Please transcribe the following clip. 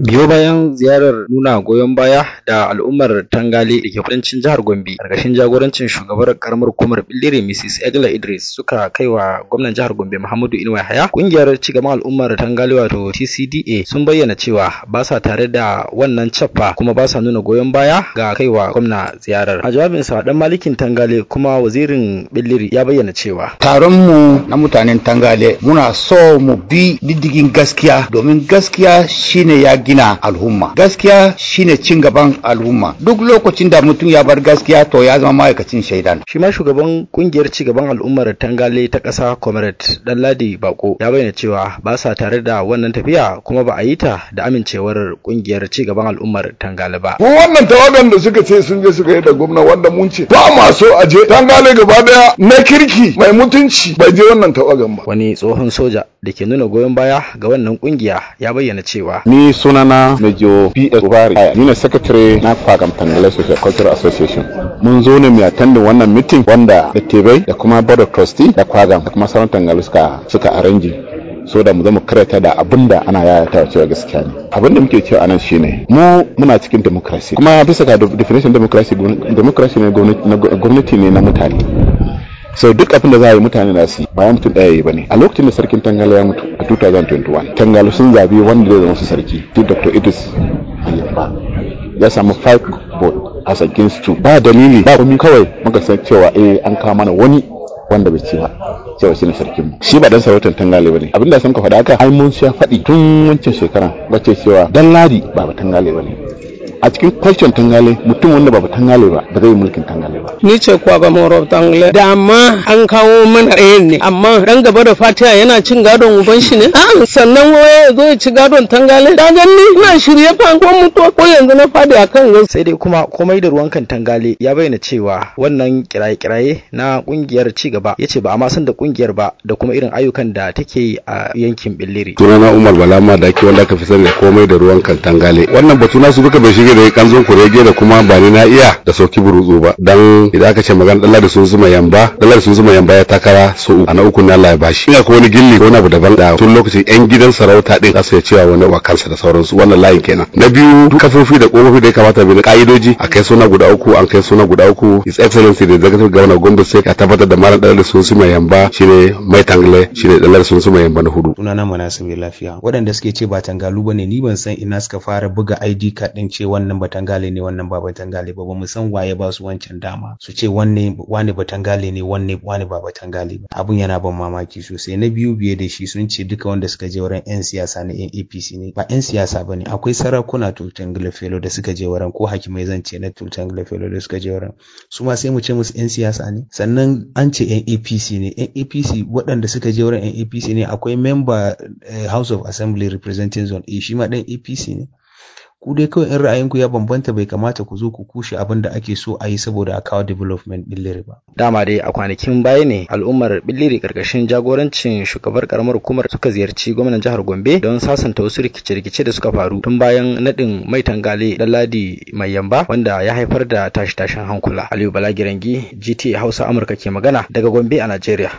Biyo bayan ziyarar nuna goyon baya da al'ummar Tangale da ke kudancin jihar Gombe karkashin jagorancin shugabar karamar hukumar Billiri Mrs. Egla Idris suka kai wa gwamnan jihar Gombe Muhammadu Inuwa Yahaya kungiyar cigaban al'ummar Tangale wato TCDA sun bayyana cewa ba sa tare da wannan cappa kuma ba sa nuna goyon baya ga kaiwa gwamna ziyarar. A jawabinsa dan malikin Tangale kuma wazirin Billiri ya bayyana cewa taron mu na mutanen Tangale muna so mu bi diddigin gaskiya domin gaskiya shine ya gina al'umma gaskiya shine cin gaban al'umma duk lokacin da mutum ya bar gaskiya to ya zama ma'aikacin shaidan shi ma shugaban kungiyar ci gaban al'ummar tangale ta ƙasa comrade danladi bako ya bayyana cewa ba sa tare da wannan tafiya kuma ba a yi ta da amincewar kungiyar ci gaban al'ummar tangale ba ko wannan tawagan da suka ce sun je suka yi da gwamna wanda mun ce ba ma so a je tangale gaba daya na kirki mai mutunci bai je wannan tawagan ba wani tsohon soja da ke nuna goyon baya ga wannan kungiya ya bayyana cewa ni suna sunana Mejo PS Ubari ni ne secretary na Kwagam Tangale Social Cultural Association mun zo ne mu attendin wannan meeting wanda da da kuma board of trustee da Kwagam da kuma sauran Tangale suka suka arrange so da mu zama karanta da abin da ana yayata cewa gaskiya ne abin da muke cewa anan shine mu muna cikin democracy kuma bisa ga definition democracy democracy ne gwamnati ne na mutane Sau duk abin da za a yi mutane na su bayan mutum daya yi bane a lokacin da sarkin tangala ya mutu a 2021 tangala sun zabi wanda zai zama su sarki duk dr idris ayyamba ya samu 5 vote as against 2 ba dalili ba kuma kawai muka san cewa eh an kawo mana wani wanda bai ci ba cewa shi ne sarkin mu shi ba dan sarautar tangale bane abinda sun ka faɗa haka ai mun sha faɗi tun wancan shekaran ce cewa dan ladi ba ba tangale bane a cikin kwashen tangale mutum wanda ba tangale ba da zai mulkin tangale ba ni ce kuwa ba moro tangale da amma an kawo mana ɗayan ne amma dan gaba da fatiya yana cin gadon uban shi ne a ah, sannan waye zo ya ci gadon tangale da ni ina shirye fa ko mutuwa ko yanzu na fadi akan yau sai dai kuma komai da ruwan kan tangale ya bayyana cewa wannan kiraye-kiraye na kungiyar ci gaba yace ba a ma san da kungiyar ba da kuma irin ayyukan da take yi a yankin Billiri sunana Umar Balama da ake wanda ka fi sani komai da ruwan kan tangale wannan batu nasu duka bai shiga kurege da kanzon kurege da kuma ba ni na iya da sauki burutsu ba dan idan aka ce magana dalla da sun zuma yamba dalla da sun zuma yamba ya takara so ana uku na Allah ya bashi ina ko wani gilli ko wani abu daban da tun lokacin yan gidan sarauta din kasa ya cewa wani wa kansa da sauransu wannan layin kenan na biyu kafofi da kofofi da ya kamata bi na ka'idoji a kai suna guda uku an kai suna guda uku his excellency da zakatar gwamna gombe sai ka tabbatar da malam dalla da sun zuma yamba shine mai tangle shine dalla da sun zuma yamba na hudu sunana munasibi lafiya waɗanda suke ce ba tangalu bane ni ban san ina suka fara buga ID card din cewa wannan batangale ne wannan ba batangale ba ba mu san waye ba su wancan dama su ce wanne wani batangale ne wanne wani ba batangale ba abun yana ban mamaki sosai na biyu biye da shi sun ce duka wanda suka je wurin yan siyasa na yan APC ne ba yan siyasa bane akwai sarakuna Tultangile Felo da suka je wurin ko hakimai zan ce na Tultangile Felo da suka je wurin su ma sai mu ce musu yan siyasa ne sannan an ce yan APC ne yan APC waɗanda suka je wurin yan APC ne akwai memba eh, House of Assembly representing zone shi ma ɗan APC ne ku dai kawai in ra'ayinku ya bambanta bai kamata ku zo ku kushe abin da ake so a yi saboda a kawo development billiri ba. Dama dai a kwanakin baya ne al'ummar billiri karkashin jagorancin shugabar karamar hukumar suka ziyarci gwamnan jihar Gombe don sasanta wasu rikice-rikice da suka faru tun bayan naɗin mai tangale Ladi mai yamba wanda ya haifar da tashi-tashin hankula. Aliyu Balagirangi GTA Hausa Amurka ke magana daga Gombe a Najeriya.